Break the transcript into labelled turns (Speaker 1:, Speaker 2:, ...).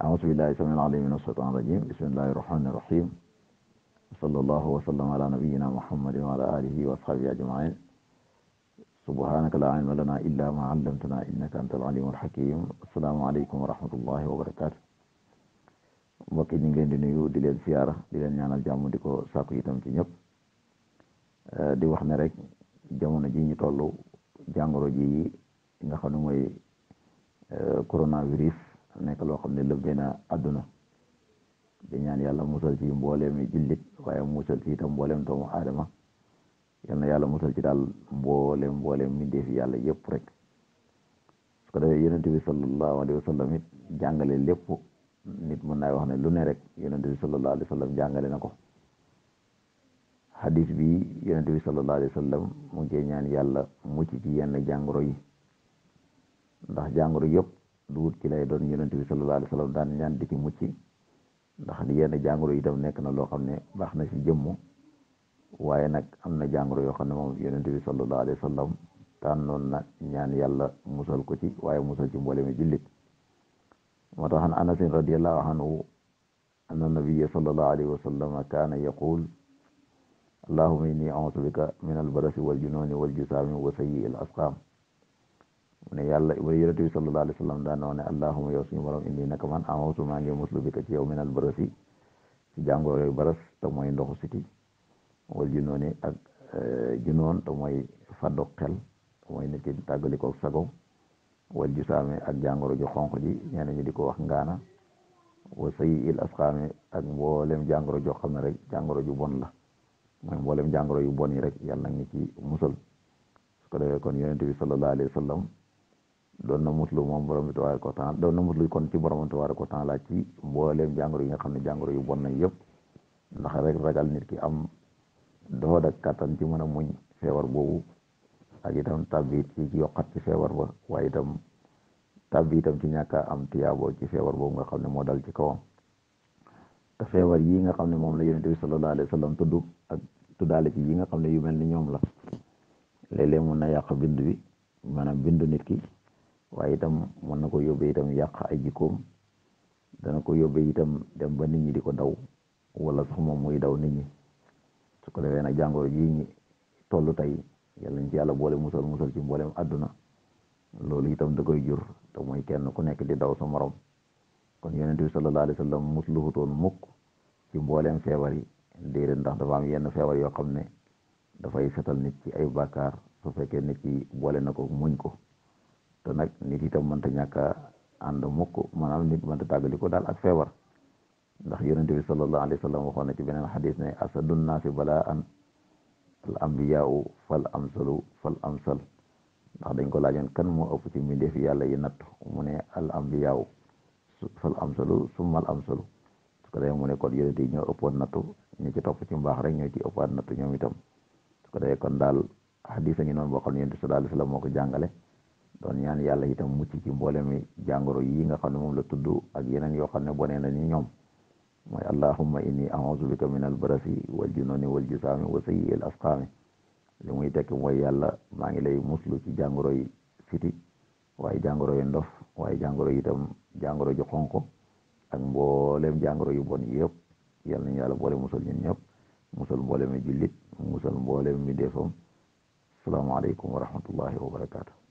Speaker 1: أعوذ بالله السميع العليم من الشيطان الرجيم بسم الله الرحمن الرحيم وصلى الله وسلم على نبينا محمد وعلى آله وأصحابه أجمعين سبحانك لا علم لنا إلا ما علمتنا إنك أنت العليم الحكيم السلام عليكم ورحمة الله وبركاته mbokk yi ñu ngi leen di nuyu di leen siyaara di leen ñaanal jàmm di ko sàkku itam ci ñëpp di wax ne rek jamono ji ñu toll jàngoro ji nga xam ne mooy coronavirus nekk loo xam ne lëggee na àdduna di ñaan yàlla musal ci mbooleem jullit waaye musal ci itam mbooleem doomu aadama yal na yàlla musal ci daal mbooleem mbooleem mbindeef yàlla yëpp rek su ko ti yonente bi sallallahu alayhi wa sallam it jàngale lépp nit mën naa wax ne lu ne rek yonente bi sallallahu jàngale na ko hadis bi yonente bi sallallahu alayhi wa sallam mu ngi ñaan yàlla mucc ci yenn jàngoro yi ndax jàngoro yëpp duut ci lay doon yonent bi sallallahu alayhi daan ñaan di ci mucc ndax yenn jàngoro itam nekk na loo xam ne baax na ci jëmm waaye nag am na jàngoro yoo xam ne moom yonent bi sallallahu alayhi wa sallam tànnoon na ñaan yàlla musal ko ci waaye musal ci mboole mi jullit moo tax an anas radiyallahu anhu anna nabiyya sallallahu alayhi wa sallam kaana yaqul allahumma inni a'uudu bika min al barasi wal junooni asqaam mu ne yàlla wa yonent bi sallallahu alayhi wa sallam daan na wax ne allahuma yow suñu borom indi naka man amawtu maa ngi muslu bi ko ci yow minal barasi ci baras te mooy ndoxu siti wal ak eh, junoon te mooy faddu xel te mooy nit ki tàggalikoog ak jàngoro ju xonq ji ñeneen di ko wax ngaana wa sayi il asqaami ak mboolem jàngoro joo xam ne rek jàngoro ju bon la mooy mboolem jàngoro yu bon yi rek yàlla nag ñu ci musal ko defee kon yonent bi sallallahu alayhi wa doon na muslu moom borom bi tabaaraka wa ko doon na muslu kon ci borom bi tabaaraka wa taala ci mbooleem jàngoro yi nga xam ne jàngoro yu bon na yëpp ndax rek ragal nit ki am dood ak kattan ci mën a muñ feebar boobu ak itam tabbi ci yokkat ci feebar ba waaye itam tabbi itam ci ñàkk a am tiyaaboo ci feebar boobu nga xam ne moo dal ci kawam te feebar yi nga xam ne moom la yonent bi sallallahu alayhi wa sallam tudd ak tuddaale ci yi nga xam ne yu mel ni ñoom la léeg-léeg mun na yàq bind bi maanaam bindu nit ki waaye itam mën na ko yóbbee itam yàq ay jikkoom dana ko yóbbee itam dem ba nit ñi di ko daw wala sax moom muy daw nit ñi su ko defee nag jàngoro ji ñi toll tey yàlla ñu yàlla boole musal musal ci mboolem àdduna loolu itam da koy jur te mooy kenn ku nekk di daw sa morom kon yonent bi sallallahu alayhi wa sallam toon mukk ci mboolem feebar yi déedéet ndax dafa am yenn feebar yoo xam ne dafay fetal nit ci ay bàkkaar su fekkee nit ki boole na ko muñ ko te nag nit tam itam ta ñàkk a ànd mukk maanaam nit mënta tàggali ko daal ak feebar ndax yonent bi sallallahu alayhi wa sallam waxoon na ci beneen xadis ne asadun naasi balaa an al ambiyaau fal amsalu fal amsal ndax dañ ko laajoon kan moo ëpp ci mbindeef yàlla yi natt mu ne al ambiyaau fal amsalu summa al amsalu su ko defee mu ne kon yonent yi ñoo ëppoon nattu ñu ci topp ci mbaax rek ñoo ci ëppaat nattu ñoom itam su ko kon daal xadis a ngi noonu boo xam ne yonent bi sallallahu moo ko jàngale doon ñaan yàlla itam mucc ci mboolem mi jàngoro yi nga xam ne moom la tudd ak yeneen yoo xam ne bone na ni ñoom mooy allahumma inni a'udhu bika min albarasi wal jununi wal jusaami wa sayyi al asqaami li muy tekk mooy yàlla maa ngi lay muslu ci jàngoro yi siti waaye jàngoro yi ndof waaye jàngoro yi itam jàngoro ju xonq ak mboolem jàngoro yu bon yëpp yal nañu yàlla boole musal ñun ñëpp musal mboolem mi jullit musal mboolem mi defam salaamaaleykum wa rahmatullahi wa barakaatu